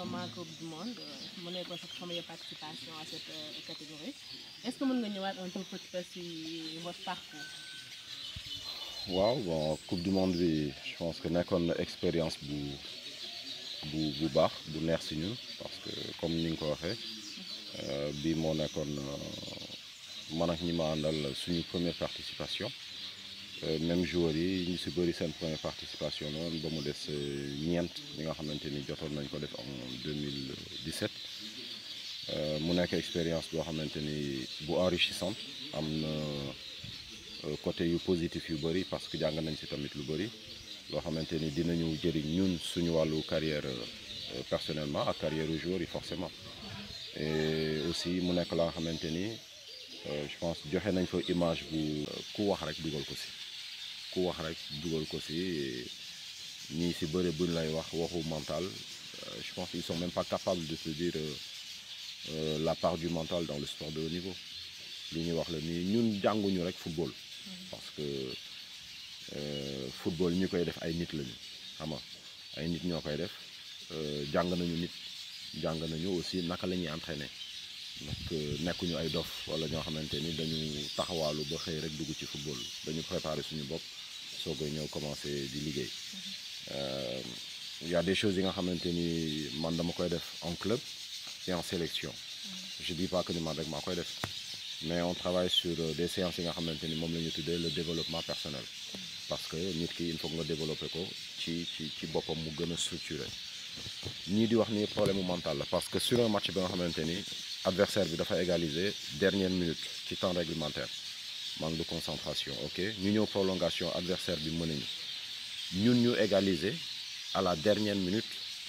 en Coupe du Monde mu nekkoon sa première participation à cette euh, catégorie est-ce que vous nga ñëwaat un petit peu sur votre parcours. Waouh, bon Coupe du Monde je pense que c'est une expérience pour bu pour baax bu parce que comme nous l'avons fait, waxee euh, bii moo nekkoon euh, ma première participation. Euh, même joueur yi ñu si bëri seen première participation la woon ba mu des euh, ñeent ñi nga xamante ni jotoon nañ ko def en 2017 euh, mu nekk expérience boo xamante ni bu enrichissante am na côté yu positif yu bëri parce que jàng nañ si tamit lu bëri loo xamante ni dinañu jëriñ ñun suñu wàllu carrière personnellement ak carrière joueur yi forcément et aussi mu nekk la nga xamante je pense joxe nañ fa image bu ku wax rek dugal ko ku wax rek dugal ko si ni ci bëri buñ lay wax waxu mental euh, je pense ils sont même pas capables de se dire euh, euh, la part du mental dans le sport de haut niveau li ñuy wax la ni ñun janguñu rek football mm-hmm. parce que football ñi koy def ay nit lañu xam nga ay nit ñoo def euh jàng nañu nit jàng nañu aussi naka lañuy entraîner donc nekkuñu ay dof wala ño xamanteni ni dañu taxawaalu ba xey rek dugg ci football dañu préparer suñu il euh, y a des choses qui nga xamante en club et en sélection je ne dis pas que ne man rek maa mais on travaille sur euh, des séances qui nga xamante le développement personnel parce que nous devons il faut développer ko ci ci structurer. mu a structuré Ni problème mental parce que sur un match l'adversaire doit égaliser la adversaire bi égaliser dernière minute ci temps réglementaire manque de concentration ok ñu une prolongation adversaire du mën Nous Nous égaliser à la dernière minute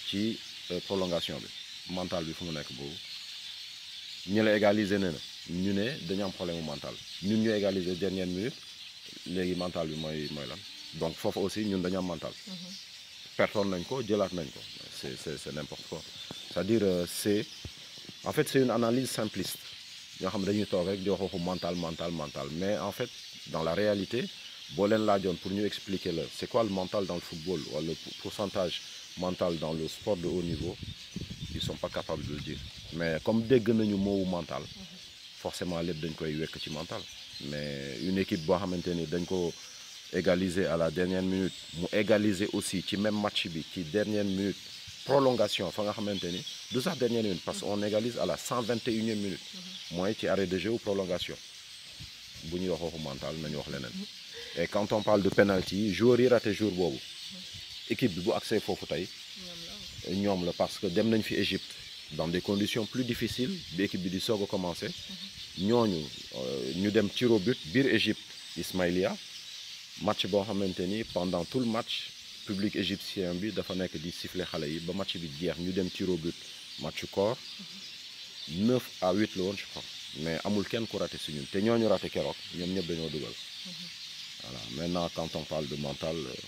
qui euh, prolongation bi mental bi Nous, mu Nous Nous, la égaliser na ñu problème mental Nous ñu égaliser dernière minute les mental du mooy donc faut aussi ñun dañu am mental mhm. Personne nañ ko jëlaat c'est c'est n'importe quoi c'est-à-dire euh, c'est en fait c'est une analyse simpliste nous avons dañuy de mental mental mental mais en fait dans la réalité pour nous expliquer ce c'est quoi le mental dans le football ou le pourcentage mental dans le sport de haut niveau ils sont pas capables de le dire mais comme nous mental forcément dañ koy ci mental mais une équipe qui maintenir dañ à la dernière minute égaliser aussi qui même match qui dernière minute prolongation on nga maintenir. Deux dernière minute parce qu'on égalise à la 121e minute Moi, ci arrêt de jeu ou prolongation mental et quand on parle de penalty joueur à raté jour bobu équipe bi bu accès à tay ñom la parce que dem nañ fi Égypte dans des conditions plus difficiles L'équipe du bi a commencé Nous euh, ñu dem au but Bir Égypte Ismaïlia match a xamanteni pendant tout le match public égyptien bi dafa di siffler yi ba match bi ñu but match 9 à 8 je crois mais amul raté raté voilà maintenant quand on parle de mental euh,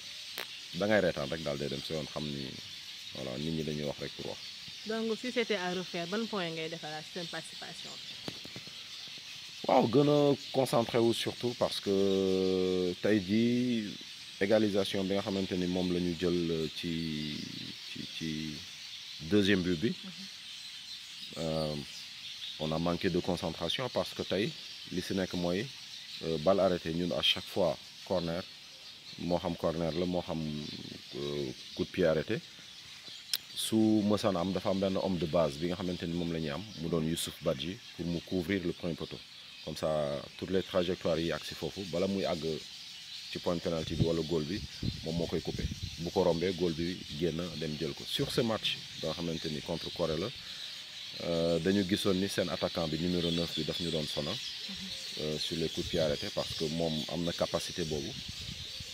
da ngay rétan rek dem voilà nit ñi dañuy donc si c'était à refaire ban point ngay participation waaw concentré surtout parce que as euh, dit égalisation bi nga xamante ni moom la jël euh, ci ci ci deuxième but mm-hmm. Euh, on a manqué de concentration parce que tey li si nekk mooy euh, balle arrêtée ñun à chaque fois corner moo xam corner la moo xam euh, coup de pied arrêté su mësaan am dafa am un homme de base bi nga xamante ni moom la ñuy am mu doon Youssouf Badji pour me couvrir le premier poteau comme ça toutes les trajectoires yi ak bala muy ci point penalty bi wala goal bi mom moo koy coupé bu ko rombé goal bi génn dem jël ko sur ce match ba xamanteni contre Corée la euh, dañu gissone ni sen attaquant bi numéro 9 bi daf ñu doon sonal mhm. euh, sur les coups de pied parce que mon, amna capacité capacité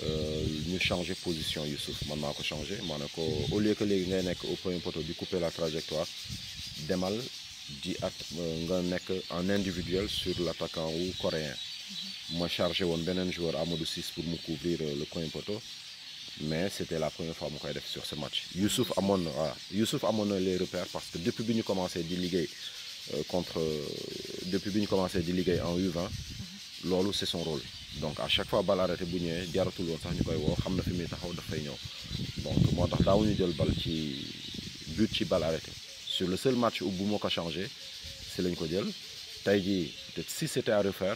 euh ñu changer position Youssouf man mako changer changé au lieu que les ngay nek au point poteau di couper la trajectoire demal di at euh, nga nek en individuel sur l'attaquant ou coréen ma chargé un beneen joueur Amadou 6 pour me couvrir euh, le coin poteau mais c'était la première fois mu koy def sur ce match Youssouf Amon na waaw ah, Youssouf les repères parce que depuis bi a commencé di liggéey euh, contre euh, depuis bi commencé di en U20 Lolo c'est son rôle donc à chaque fois balle arrêtée arrêté, il jaaratul woon sax ñu koy il xam na fi muy taxaw Donc ñëw donc moo tax daawuñu jël ball ci but ci balle arrêté sur le seul match où Boumo a changé c'est lañ ko jël tey si c'était à refaire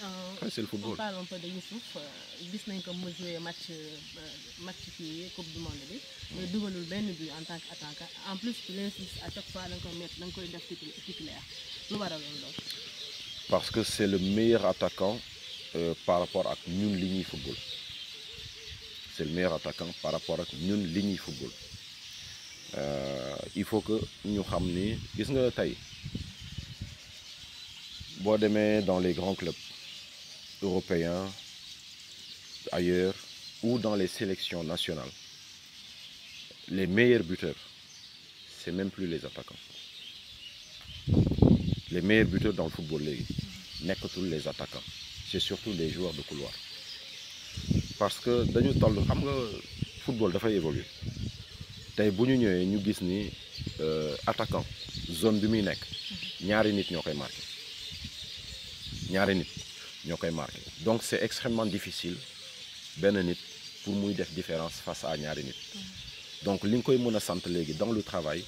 Euh, ah c'est le football on parle un peu de Youssouf euh, gis nañ ko mu joué match euh, match fii coupe du monde bi. mais dugalul benn but en tant attaquant en plus il insiste à chaque fois da nga koy mettre Nous nga koy def titulaire waral parce que c'est le meilleur attaquant euh, par rapport à ñun ligne football c'est le meilleur attaquant par rapport à ñun ligne football euh, il faut que ñu xam ni gis nga tey boo demee dans les grands clubs européens, ailleurs, ou dans les sélections nationales. Les meilleurs buteurs, c'est même plus les attaquants. Les meilleurs buteurs dans le football league n'est que tous les attaquants. C'est surtout les joueurs de couloir. Parce que dañu le football de évoluer évolué des ñu gis ni euh, attaquant zone bi nekk ñaari nit koy marqué donc c'est extrêmement difficile benn nit pour muy def différence face à ñaari nit donc li koy mën sant dans le travail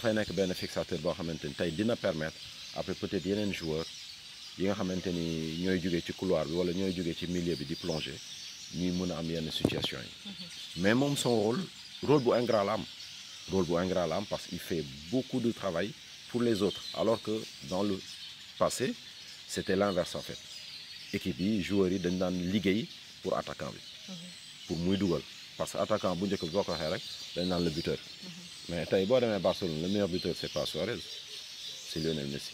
fay que ben fixateur bo xamanteni tay dina permettre après peut-être yenen joueur yi nga xamanteni ñoy ñooy ci couloir bi wala ñoy dans ci milieu bi di plonger ñuy mën am yenn situation mhm. mais mom son rôle rôle bu ingrat la am rôle bu un grand am parce qu'il fait beaucoup de travail pour les autres alors que dans le passé c'était l'inverse en fait équipe yi joueurs yi dañ daan pour attaquant bi pour muy dougal parce que attaquant bu njëkk bi rek le buteur mais tay bo démé Barcelone le meilleur buteur c'est pas Suarez c'est Lionel Messi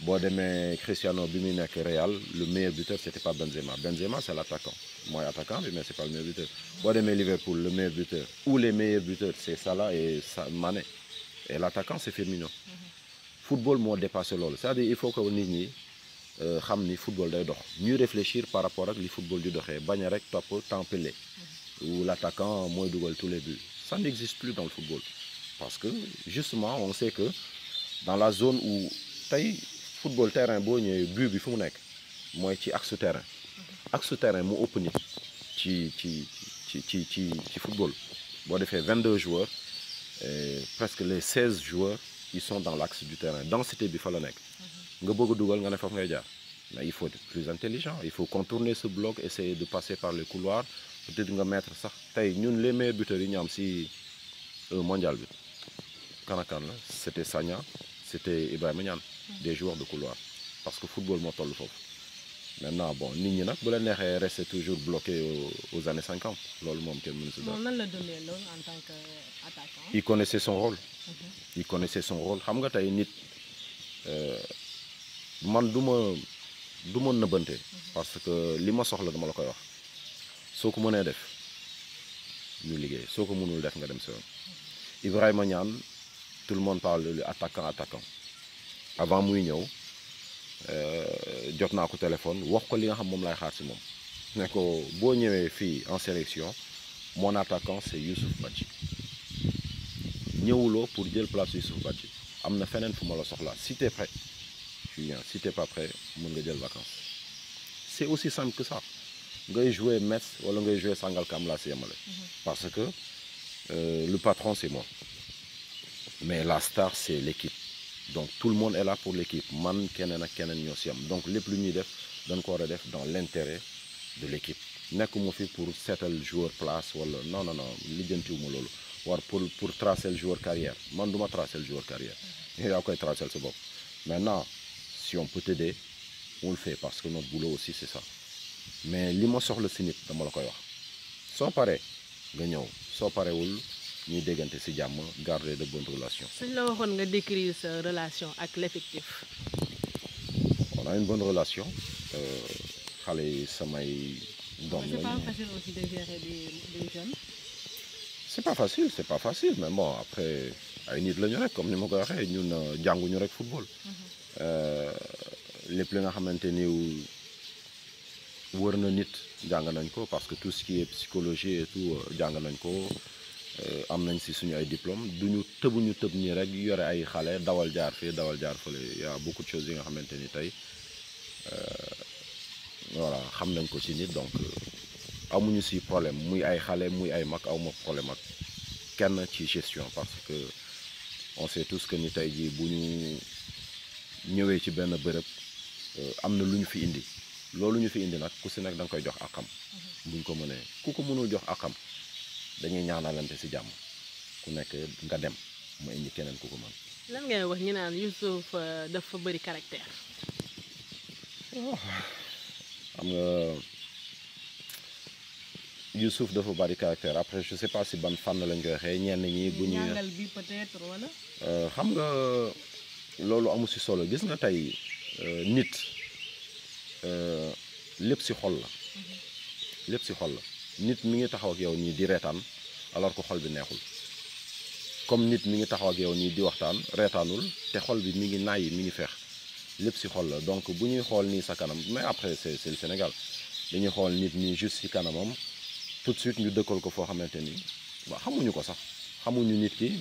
bo démé Cristiano bi mi Real le meilleur buteur c'était pas Benzema Benzema c'est l'attaquant Moi, attaquant mais c'est pas le meilleur buteur bo démé Liverpool le meilleur buteur ou les meilleurs buteurs c'est Salah et Mané et l'attaquant c'est Firmino football moi dépassé c'est-à-dire il faut que nous euh, xam ni football day dox ñuy réfléchir par rapport ak le football di doxé baña rek top mm-hmm. où l'attaquant moy dougal tous les buts ça n'existe plus dans le football parce que justement on sait que dans la zone où le football terrain bo but bi fu axe terrain mm-hmm. axe terrain mo ëpp ci ci ci ci ci football 22 joueurs presque les 16 joueurs ils sont dans l'axe du terrain densité bi fa la nek mm-hmm nga bëgg a nga ne ngay mais il faut être plus intelligent il faut contourner ce bloc essayer de passer par le couloir. peut-être nga mettre sax tay ñun les meilleurs buteurs yi ñu si euh, mondial bi c'était Sagna c'était Ibrahima Niane des joueurs de couloir parce que football mo toll foofu maintenant bon nit ñi nak bu la nexé rester toujours bloqué aux, années 50 loolu mom mënu nan la donné en tant qu'attaquant. Euh, il connaissait son rôle. Mhm. il connaissait son rôle xam nga tay nit. Euh, man du duma du parce que li ma soxla dama la koy wax soko ko def ñu liggéey soko mënul def nga dem so Ibrahima Niane tout le monde parle de attaquant attaquant avant muy ñew euh naa ko téléphone wax ko li nga xam mom lay xaar ci mom ne ko bo ñewé fi en sélection mon attaquant c'est Youssouf Badji ñëwuloo pour jël place Youssouf Badji amna fenen fuma la soxla si t'es prêt si si n'es pas prêt mon nga des vacances c'est aussi simple que ça vas jouer Metz ou vas jouer Sangal Kamla la mhm. parce que euh, le patron c'est moi mais la star c'est l'équipe donc tout le monde est là pour l'équipe man ak donc les plus mises def dañ dans l'intérêt de l'équipe nekkuma fi pour le joueur place wala non non non pour pour tracer le joueur carrière man pas tracer le joueur carrière mhm. a tracer maintenant si on peut t'aider on le fait parce que notre boulot aussi c'est ça mais li sur le si dans dama la Sans wax soo paree nga ñëw garder de bonnes relations. Là la waxoon nga décrire cette relation avec l'effectif. on a une bonne relation euh, c'est pas facile aussi de gérer des jeunes. c'est pas facile c'est pas facile mais bon après à une lañu de comme ni nous ko waxee ñun euh, jànguñu rek football. Mhm. Euh, Les li à maintenir ou ouernonit na nit parce que tout ce qui est psychologie et tout euh, jàng nañ ko euh, am nañ si suñu ay diplôme du ñu tëbuñu tëb nii rek yore ay d'avoir dawal jaar fii dawal jaar Il y a beaucoup de choses à maintenir. taille voilà xam nañ donc amuñu si problème muy ay xale muy ay mag awma problème ak kenn ci gestion parce que on sait tous que ni tey dit. ñëwé ci bénn bërëb euh, am na fi indi loolu ñu fi indi nak ku ci nak dang koy jox akam mhm. buñ ko mëne ku ko mëno jox akam dañuy ñaanalante ci jamm ku nekk nga dem mu indi keneen ku ko mëne lan ngay wax ñu naan Youssouf euh, dafa bëri caractère oh, am nga Yusuf dafa bari caractère après je sais pas si ban fan la koy waxee ñen ñi bu ñuy ñàngal bi peut-être wala euh, xam nga lolu amu ci solo gis nga euh, nit euh, lepp ci xol la mhm. xol la nit mi ngi taxaw ak di alors que xol bi neexul comme nit mi ngi taxaw ak yow ni di retanul te xol bi mi ngi mi ngi donc bu ñuy ni sa mais après c'est le Sénégal dañuy xol nit ni juste ci tout de suite ñu ko xamuñu ko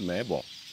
mais bon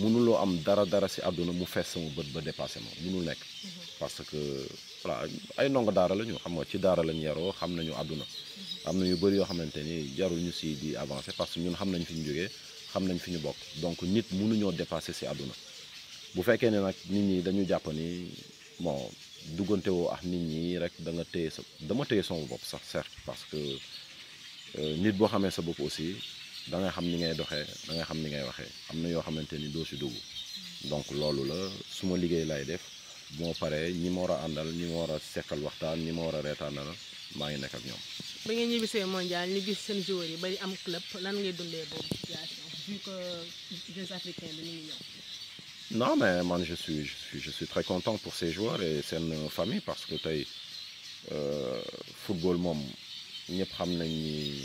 mënuloo am dara dara si àdduna mu fees sama bët ba dépassé ma mënul nekk mhm. parce que ay ndongo daara la ñu xam nga ci daara lañ yaroo xam nañu àdduna mhm. am na yu bëri yoo xamante ni jarul ñu si di avancé parce que ñun xam nañ fi ñu jógee xam nañ fi ñu bokk donc nit mënuñoo dépassé si àdduna bu fekkee ne nag nit ñi dañu jàpp ni bon duggantewoo woo ak nit ñi rek da téye sa dama téye sama bopp sax certes parce que euh, nit boo xamee sa bopp aussi da nga xam ni ngay doxee da nga xam ni ngay waxee am na yoo xamante ni doo si dugg donc loolu la suma ma liggéey lay def bu ma paree ñi ma war a àndal ñi ma war a sekkal waxtaan ñi ma war a reetaanal maa ngi nekk ak ñoom. ba ngeen ñibbisee mondial ñu gis seen joueurs yi bari am club lan ngay dundee boobu situation vu que des africains dañuy ñëw. non mais man je suis je suis je suis très content pour ces joueurs et seen famille parce que tey euh, football moom ñëpp xam nañ ni.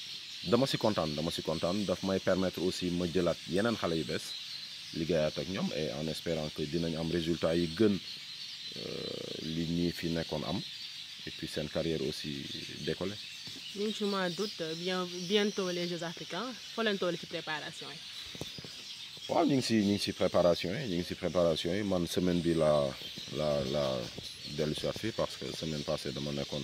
dama si kontaan dama si kontaan daf may permettre aussi ma jëlaat yenen xalé yu bess liggéeyaat ak ñoom et en espérant que dinañ am résultat yi gën euh, li ñii fi nekkoon am et puis sen carrière aussi décoller ni ma m'en doute bien bientôt les Jeux africains fo len toll ci préparation yi. waaw ci ngi ci préparation yi ñu préparation yi man semaine bi la la la de si parce que semaine passée dama nekkoon.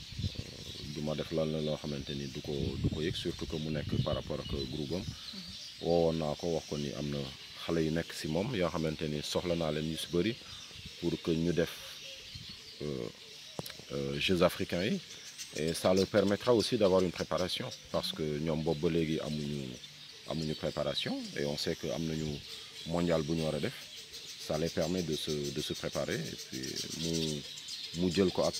ma def lan la loo xamanteni ni du ko du ko yëg surtout que mu nek par rapport ak groupe am woowoon naa ko wax ko ni amna xalé xale yu nekk si moom yoo xamante soxla na leen ñu si bëri pour que ñu def euh, euh Jeux africains et ça leur permettra aussi d'avoir une préparation parce que ñoom boobu ba léegi amuñu amuñu préparation et on sait que amna ñu mondial bu ñu wara def ça les permet de se de se préparer et puis mu mu jël ko ak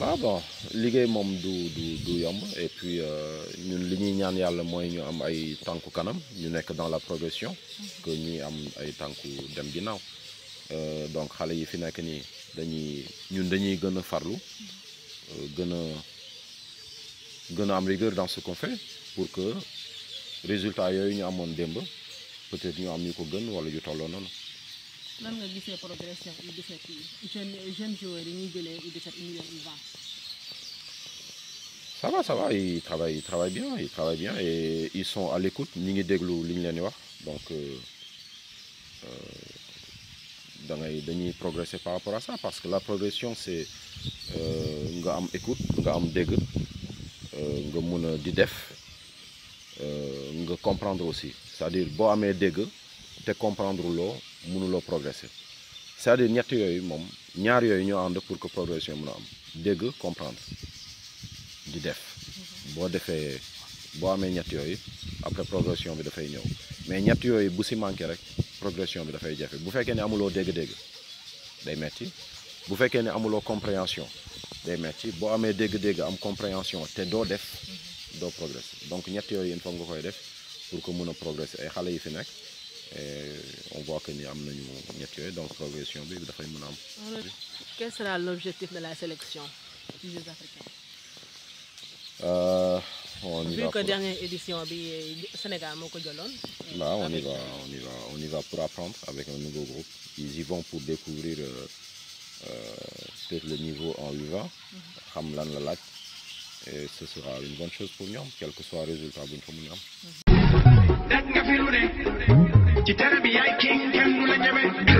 waaw bon liggéey moom du du du yomb et puis euh, ñun li ñi ñaan yalla moy ñu am ay tanku kanam ñu nekk dans la progression que ñi am ay tanku dem euh donc xalé yi fi nekk ni dañuy ñun dañuy gëna farlu gëna euh, gëna gën a am rigueur dans ce qu'on fait pour que résultat yooyu ñu amone démb peut-être ñu am ñu gën wala yu tolloo noonu nan nga gisee progression U17 yi jeunes jeunes joueurs yi ñuy jëlee U17 ñu leen U20. ça va ça va ils travaillent ils travaillent bien ils travaillent bien et ils sont à l'écoute ni ngi déglu li ñu leen Donc, euh, euh, da ngay dañuy progresser par rapport à ça parce que la progression c'est euh, nga am écoute nga am dégg euh, nga mun di def euh, nga comprendre aussi c'est-à-dire boo amee dégg te comprendre loo mënuloo progresser c'est-à-dire ñett mom ñaar pour que progression mën am dégg comprendre di def bo défé bo après progression bi mais ñett bu si manqué rek progression bi fay bu féké amulo dégg-dégg day metti bu féké compréhension day metti bo faire. dégg am compréhension té do def do progresser donc ñett il faut pour que nous progresser ay yi euh, on voit que ni am une ñett dans donc progression bi dafay mën mon am. quel sera l'objectif de la sélection des africains. Euh, on y va que pour... dernière édition bi Sénégal Moko Là, on y va on y va on y va pour apprendre avec un nouveau groupe ils y vont pour découvrir euh, peut-être le niveau en UVA, Hamlan xam lan et ce sera une bonne chose pour nous, quel que soit le résultat de nous. ci tere bi yaay king kenn du la